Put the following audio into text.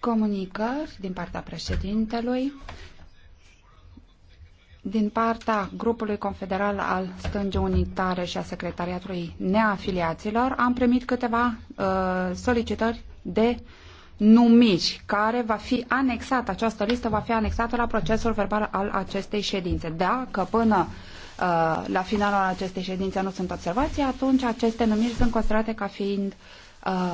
comunicări din partea președintelui, din partea grupului confederal al stângii unitare și a secretariatului neafiliaților, am primit câteva uh, solicitări de numiri, care va fi anexată, această listă va fi anexată la procesul verbal al acestei ședințe. Dacă până uh, la finalul acestei ședințe nu sunt observații, atunci aceste numiri sunt considerate ca fiind uh,